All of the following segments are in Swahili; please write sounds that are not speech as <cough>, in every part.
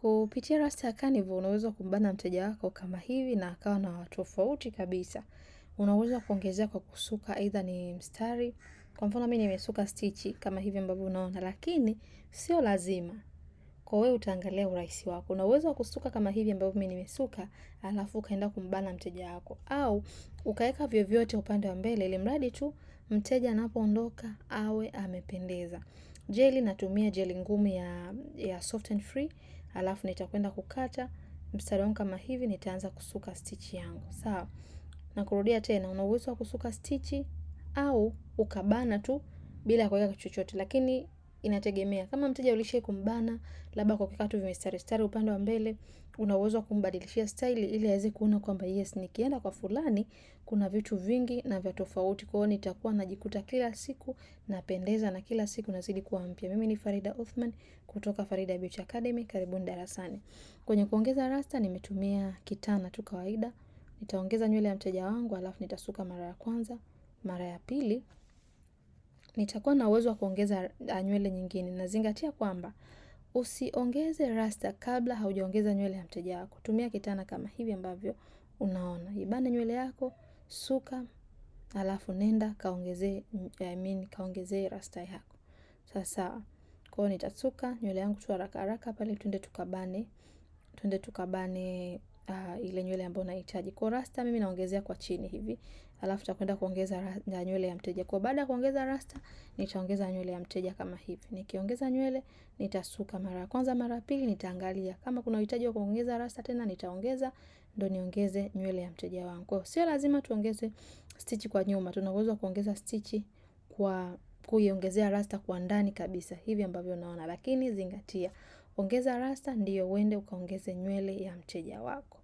Kupitia Rasta ya Carnivore unaweza kumbana mteja wako kama hivi na akawa na tofauti kabisa. Unaweza kuongezea kwa kusuka aidha ni mstari. Kwa mfano mimi nimesuka stichi kama hivi ambavyo unaona lakini sio lazima. Kwa wewe utaangalia urahisi wako. Una uwezo wa kusuka kama hivi ambavyo mimi nimesuka, alafu ukaenda kumbana mteja wako au ukaweka vyovyote upande wa mbele ili mradi tu mteja anapoondoka awe amependeza. Jeli natumia jeli ngumu ya, ya soft and free alafu nitakwenda kukata mstari wangu kama hivi, nitaanza kusuka stichi yangu. Sawa, na kurudia tena, una uwezo wa kusuka stichi au ukabana tu bila kuweka chochote, lakini inategemea kama mteja ulishai kumbana labda kwa kukata tu vimistari stari upande wa mbele una uwezo wa kumbadilishia staili ili aweze kuona kwamba yes, nikienda kwa fulani kuna vitu vingi na vya tofauti. Kwa hiyo nitakuwa najikuta kila siku napendeza na kila siku nazidi kuwa mpya. Mimi ni Farida Othman kutoka Farida Beauty Academy, karibuni darasani. Kwenye kuongeza rasta nimetumia kitana tu kawaida. Nitaongeza nywele ya mteja wangu alafu nitasuka mara ya kwanza, mara ya pili nitakuwa na uwezo wa kuongeza nywele nyingine. Nazingatia kwamba Usiongeze rasta kabla haujaongeza nywele ya mteja wako. Tumia kitana kama hivi ambavyo unaona. Ibane nywele yako, suka, alafu nenda kaongezee I mean kaongezee rasta yako. Sawa sawa. Kwao nitasuka nywele yangu tu haraka haraka pale twende tukabane. Twende tukabane ah, ile nywele ambayo nahitaji. Kwa rasta mimi naongezea kwa chini hivi alafu takwenda kuongeza nywele ya mteja. Kwa baada ya kuongeza rasta, nitaongeza nywele ya mteja kama hivi. Nikiongeza nywele, nitasuka mara ya kwanza, mara ya pili nitaangalia kama kuna uhitaji wa kuongeza rasta tena, nitaongeza ndo niongeze nywele ya mteja wangu. Kwa sio lazima tuongeze stitch kwa nyuma, tunaweza kuongeza stitch kwa kuiongezea rasta kwa ndani kabisa hivi ambavyo unaona, lakini zingatia, ongeza rasta ndiyo uende ukaongeze nywele ya mteja wako.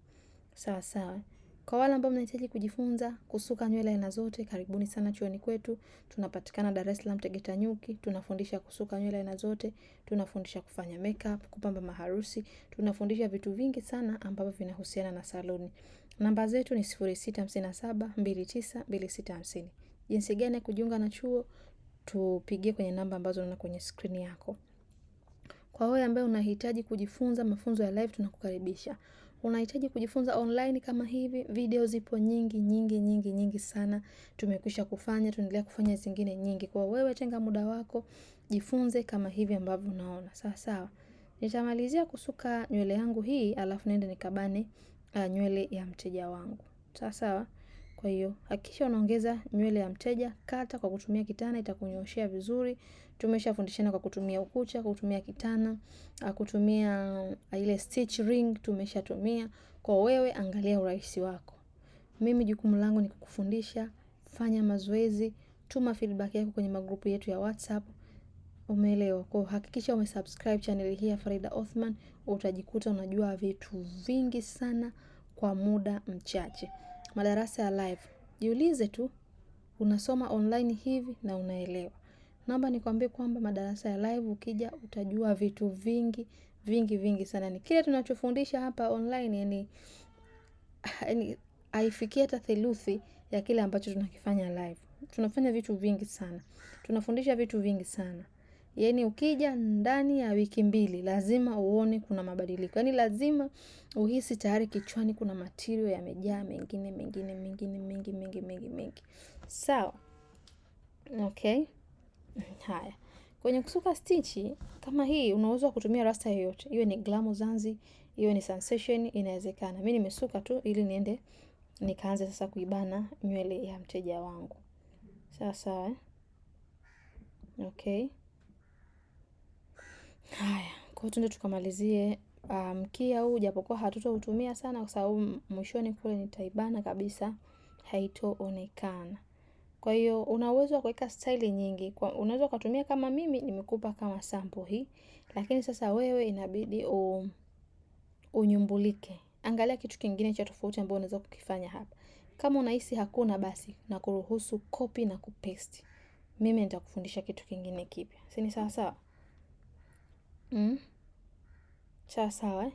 Sawa sawa. Kwa wale ambao mnahitaji kujifunza kusuka nywele aina zote, karibuni sana chuoni kwetu. Tunapatikana Dar es Salaam Tegeta Nyuki, tunafundisha kusuka nywele aina zote, tunafundisha kufanya makeup, kupamba maharusi, tunafundisha vitu vingi sana ambavyo vinahusiana na saluni. Namba zetu ni 0657292650. Jinsi gani ya kujiunga na chuo? Tupigie kwenye namba ambazo unaona kwenye skrini yako. Kwa wewe ambaye unahitaji kujifunza mafunzo ya live tunakukaribisha. Unahitaji kujifunza online kama hivi, video zipo nyingi nyingi nyingi nyingi sana. Tumekwisha kufanya, tunaendelea kufanya zingine nyingi. Kwa wewe tenga muda wako, jifunze kama hivi ambavyo unaona. Sawa sawa. Nitamalizia kusuka nywele yangu hii alafu niende nikabane ah, nywele ya mteja wangu. Sawa sawa. Kwa hiyo hakikisha unaongeza nywele ya mteja, kata kwa kutumia kitana, itakunyoshea vizuri. Tumeshafundishana kwa kutumia ukucha, kutumia kitana, ah, kutumia ah, ile stitch ring tumeshatumia. Kwa wewe angalia urahisi wako. Mimi jukumu langu ni kukufundisha, fanya mazoezi, tuma feedback yako kwenye magrupu yetu ya WhatsApp. Umeelewa kwa hakikisha umesubscribe channel hii ya Farida Othman, utajikuta unajua vitu vingi sana kwa muda mchache madarasa ya live. Jiulize tu unasoma online hivi na unaelewa. Naomba nikwambie kwamba madarasa ya live ukija utajua vitu vingi vingi vingi sana. Ni kile tunachofundisha hapa online yani, yani haifikii hata theluthi ya kile ambacho tunakifanya live. Tunafanya vitu vingi sana. Tunafundisha vitu vingi sana. Yaani ukija ndani ya wiki mbili lazima uone kuna mabadiliko. Yaani lazima uhisi tayari kichwani kuna material yamejaa mengine mengine mengine mengi mengi mengi mengi. Sawa. Okay. Haya. Kwenye kusuka stichi kama hii unaweza kutumia rasta yoyote. Iwe ni Glamu Zanzi, iwe ni Sensation inawezekana. Mimi nimesuka tu ili niende nikaanze sasa kuibana nywele ya mteja wangu. Sawa sawa. Eh? Okay. Haya, kwa hiyo tuende tukamalizie mkia um, huu japokuwa hatutoutumia sana kwa sababu mwishoni kule nitaibana kabisa, haitoonekana. Kwa hiyo una uwezo wa kuweka staili nyingi. Kwa unaweza ukatumia kama mimi nimekupa kama sample hii, lakini sasa wewe inabidi u, unyumbulike. Angalia kitu kingine cha tofauti ambayo unaweza kukifanya hapa. Kama unahisi hakuna basi na kuruhusu copy na kupaste. Mimi nitakufundisha kitu kingine kipya. Si ni sawa sawa? Mm. Sawa sawa eh.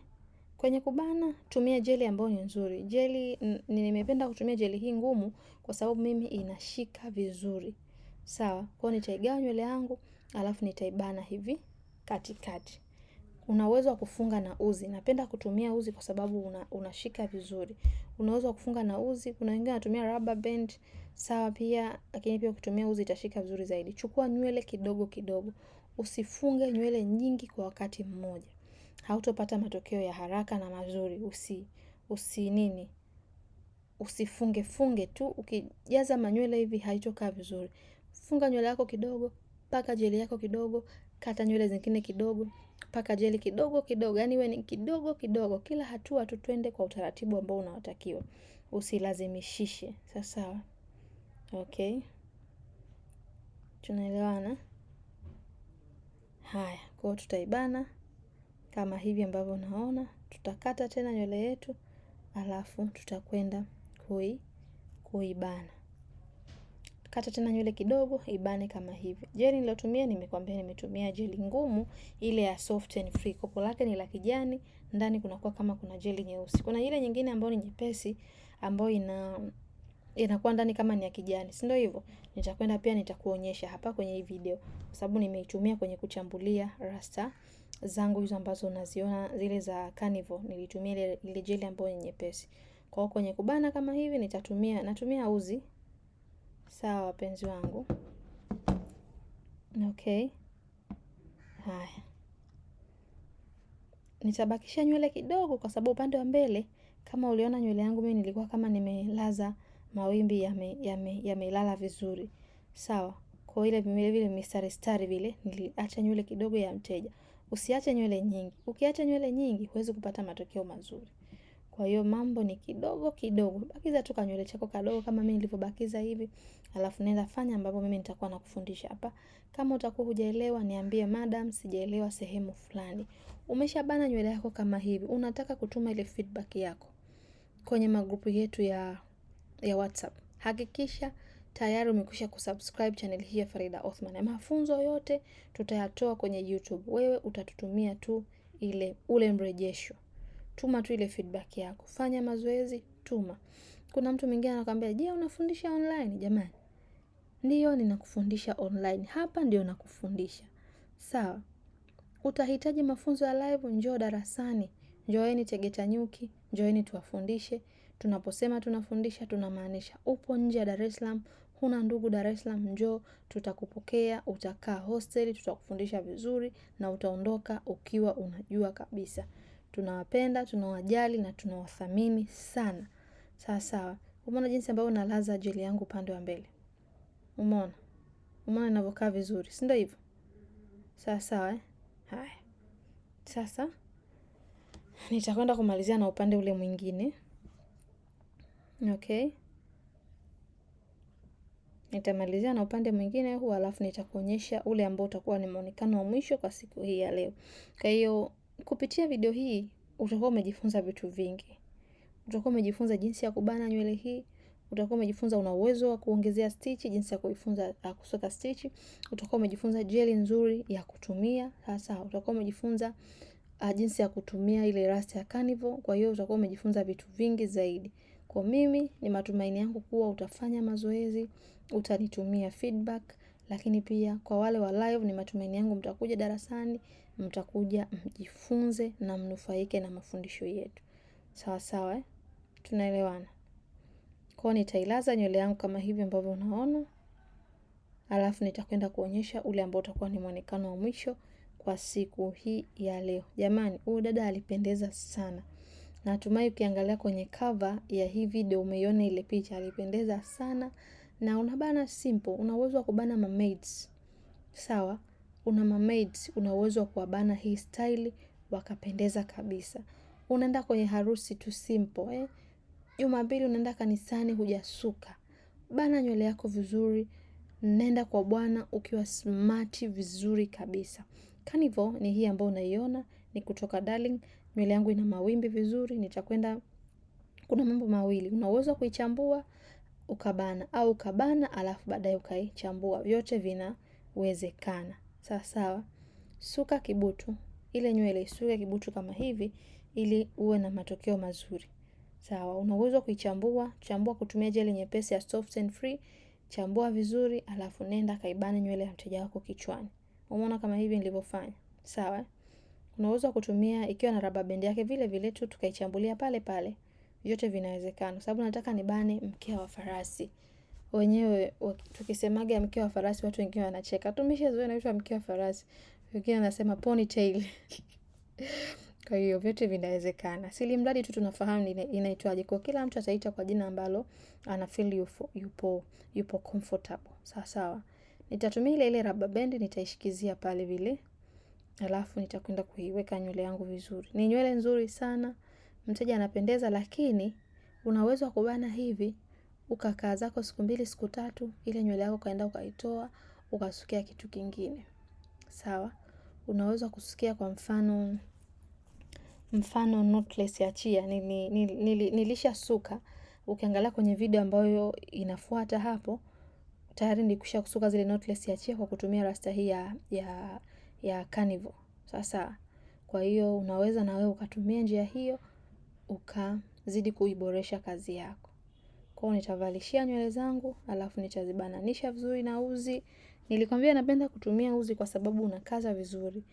Kwenye kubana tumia jeli ambayo ni nzuri. Jeli nimependa kutumia jeli hii ngumu kwa sababu mimi inashika vizuri. Sawa, kwa hiyo nitaigawa nywele yangu, alafu nitaibana hivi katikati. Una uwezo wa kufunga na uzi. Napenda kutumia uzi kwa sababu una, unashika vizuri. Una uwezo wa kufunga na uzi. Kuna wengine wanatumia rubber band. Sawa pia, lakini pia ukitumia uzi itashika vizuri zaidi. Chukua nywele kidogo kidogo. Usifunge nywele nyingi kwa wakati mmoja. Hautopata matokeo ya haraka na mazuri. Usi, usi nini? Usifunge funge tu ukijaza manywele hivi haitokaa vizuri. Funga nywele yako kidogo, paka jeli yako kidogo, kata nywele zingine kidogo, paka jeli kidogo kidogo. Yaani iwe ni kidogo kidogo. Kila hatua tu twende kwa utaratibu ambao unaotakiwa. Usilazimishishe. Sawa sawa. Okay. Tunaelewana? Haya, kwa hiyo tutaibana kama hivi ambavyo unaona, tutakata tena nywele yetu alafu tutakwenda kui kuibana. Kata tena nywele kidogo ibane kama hivi. Jeli nilotumia nimekwambia, nimetumia jeli ngumu ile ya soft and free. Kopo lake ni la kijani, ndani kunakuwa kama kuna jeli nyeusi. Kuna ile nyingine ambayo ni nyepesi ambayo ina inakuwa ndani kama ni ya kijani, si ndio hivyo? Nitakwenda pia nitakuonyesha hapa kwenye hii video, kwa sababu nimeitumia kwenye kuchambulia rasta zangu hizo ambazo unaziona zile za Carnival, nilitumia ile ile jeli ambayo ni nyepesi. Kwa hiyo kwenye kubana kama hivi nitatumia natumia uzi. Sawa wapenzi wangu. Okay. Haya. Nitabakisha nywele kidogo kwa sababu upande wa mbele kama uliona nywele yangu mimi nilikuwa kama nimelaza mawimbi yamelala yame yame vizuri sawa. Kwa ile vile vile mistari stari vile niliacha nywele kidogo ya mteja. Usiache nywele nyingi, ukiacha nywele nyingi huwezi kupata matokeo mazuri. Kwa hiyo mambo ni kidogo kidogo, bakiza tu kanywele chako kadogo kama mimi nilivyobakiza hivi, alafu nenda fanya ambapo mimi nitakuwa nakufundisha hapa. Kama utakuwa hujaelewa niambie, madam, sijaelewa sehemu fulani. Umeshabana nywele yako kama hivi, unataka kutuma ile feedback yako kwenye magrupu yetu ya ya WhatsApp. Hakikisha tayari umekwisha kusubscribe channel hii ya Farida Othman. mafunzo yote tutayatoa kwenye YouTube, wewe utatutumia tu ile ule mrejesho, tuma tu ile feedback yako, fanya mazoezi, tuma. Kuna mtu mwingine anakuambia, je, unafundisha online? Jamani, ndiyo ninakufundisha online, hapa ndio nakufundisha. Sawa, utahitaji mafunzo ya live, njoo darasani, njoeni Tegeta Nyuki, njoeni tuwafundishe. Tunaposema tunafundisha tunamaanisha upo nje ya Dar es Salaam, huna ndugu Dar es Salaam, njoo tutakupokea, utakaa hosteli, tutakufundisha vizuri na utaondoka ukiwa unajua kabisa. Tunawapenda, tunawajali na tunawathamini sana. Sawa sawa. Umeona jinsi ambavyo nalaza jeli yangu upande wa mbele. Umeona? Umeona inavyokaa vizuri, si ndio hivyo? Sawa sawa eh? Haya. Sasa nitakwenda kumalizia na upande ule mwingine. Okay, nitamalizia na upande mwingine huu, alafu nitakuonyesha ule ambao utakuwa ni muonekano wa mwisho kwa siku hii ya leo. Kwa hiyo kupitia video hii utakuwa umejifunza vitu vingi. Utakuwa umejifunza jinsi ya kubana nywele hii, utakuwa umejifunza una uwezo wa kuongezea stitch, jinsi ya kuifunza kusuka stichi, utakuwa umejifunza jeli nzuri ya kutumia. Sasa utakuwa umejifunza uh, jinsi ya kutumia ile rasta ya Carnival. Kwa hiyo utakuwa umejifunza vitu vingi zaidi. Kwa mimi ni matumaini yangu kuwa utafanya mazoezi, utanitumia feedback, lakini pia kwa wale wa live ni matumaini yangu mtakuja darasani, mtakuja mjifunze na mnufaike na mafundisho yetu. Sawa sawa, eh? Tunaelewana. Kwa nitailaza nywele yangu kama hivi ambavyo unaona. Alafu nitakwenda kuonyesha ule ambao utakuwa ni mwonekano wa mwisho kwa siku hii ya leo. Jamani, huyu dada alipendeza sana. Natumai ukiangalia kwenye cover ya hii video umeiona ile picha, alipendeza sana na unabana simple, una uwezo wa kubana mamaids. Sawa, una mamaids, una uwezo wa kuwabana hii style wakapendeza kabisa. Unaenda kwenye harusi tu simple eh. Jumapili unaenda kanisani hujasuka. Bana nywele yako vizuri, nenda kwa bwana ukiwa smart vizuri kabisa. Kanivo ni hii ambayo unaiona ni kutoka Darling nywele yangu ina mawimbi vizuri, nitakwenda. Kuna mambo mawili, unaweza kuichambua ukabana, au ukabana alafu baadaye ukaichambua, vyote vinawezekana. Sawa sawa. Suka kibutu ile nywele, isuke kibutu kama hivi, ili uwe na matokeo mazuri. Sawa, una uwezo wa kuichambua, chambua kutumia jeli nyepesi ya soft and free, chambua vizuri, alafu nenda kaibane nywele ya mteja wako kichwani. Umeona kama hivi nilivyofanya? Sawa. Unaweza kutumia ikiwa na rubber band yake vile vile tu tukaichambulia pale pale. Yote vinawezekana. Sababu nataka nibane mkia wa farasi. Wenyewe tukisemaga mkia wa farasi watu wengine wanacheka. Tumeshazoea naitwa mkia wa farasi. Wengine wanasema ponytail. <laughs> Kwa hiyo vyote vinawezekana. Sili mradi tu tunafahamu inaitwaje. Kwa kila mtu ataita kwa jina ambalo ana feel yupo yupo yupo comfortable. Sawa sawa. Nitatumia ile ile rubber band nitaishikizia pale vile. Alafu nitakwenda kuiweka nywele yangu vizuri. Ni nywele nzuri sana, mteja anapendeza lakini una uwezo wa kubana hivi, ukakaa zako siku mbili siku tatu, ile nywele yako kaenda ukaitoa, ukasukia kitu kingine. Sawa, unaweza uwezo kusukia kwa mfano mfano knotless ya chia, ni, ni, ni, ni, suka. ukiangalia kwenye video ambayo inafuata hapo, tayari nilikwisha kusuka zile knotless ya chia kwa kutumia rasta hii ya, ya ya carnivore. Sasa kwa hiyo unaweza na wewe ukatumia njia hiyo ukazidi kuiboresha kazi yako. Kwa hiyo nitavalishia nywele zangu, alafu nitazibananisha vizuri na uzi. Nilikwambia napenda kutumia uzi kwa sababu unakaza vizuri.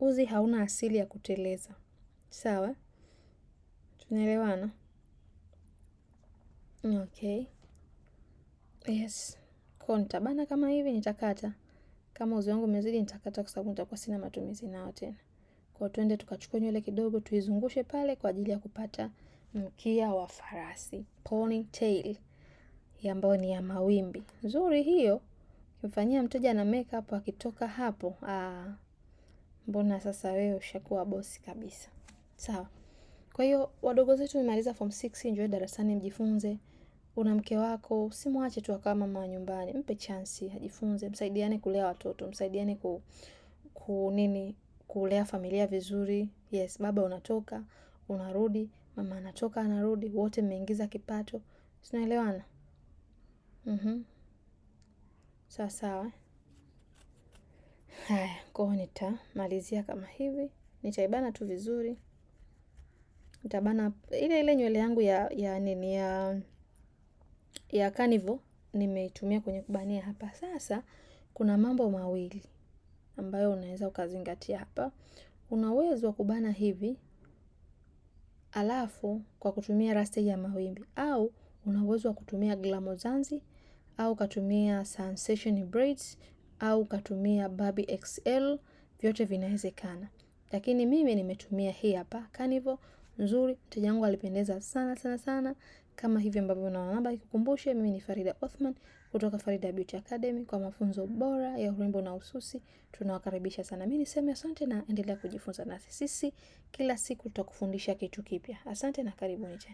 Uzi hauna asili ya kuteleza. Sawa? Tunaelewana? Okay. Yes. Kwa nitabana kama hivi nitakata. Kama uzi wangu umezidi nitakata kwa sababu nitakuwa sina matumizi nao tena. Kwa twende tukachukua nywele kidogo tuizungushe pale kwa ajili ya kupata mkia wa farasi, ponytail ambayo ni ya mawimbi. Nzuri hiyo. Ukimfanyia mteja na makeup akitoka hapo, ah, mbona sasa wewe ushakuwa bosi kabisa. Sawa. Kwa hiyo wadogo zetu wamemaliza form 6, njoo darasani mjifunze una mke wako, simwache tu akawa mama wa nyumbani, mpe chansi ajifunze, msaidiane kulea watoto, msaidiane ku, ku nini kulea familia vizuri. Yes, baba unatoka unarudi, mama anatoka anarudi, wote mmeingiza kipato, tunaelewana? hmm sawa sawa. Haya, kwa hiyo nitamalizia kama hivi, nitaibana tu vizuri, nitabana ile ile nywele yangu ya ya nini ya ya Canva nimeitumia kwenye kubania hapa. Sasa kuna mambo mawili ambayo unaweza ukazingatia hapa. Una uwezo wa kubana hivi alafu kwa kutumia rasta ya mawimbi, au una uwezo wa kutumia Glamozanzi au ukatumia Sensation Braids au ukatumia babi XL, vyote vinawezekana, lakini mimi nimetumia hii hapa Canva nzuri. Mteja wangu alipendeza sana sana sana, kama hivi ambavyo unaona, namba ikukumbushe, mimi ni Farida Othman kutoka Farida Beauty Academy. Kwa mafunzo bora ya urembo na ususi, tunawakaribisha sana. Mimi niseme asante na endelea kujifunza nasi, sisi kila siku tutakufundisha kitu kipya. Asante na karibuni tena.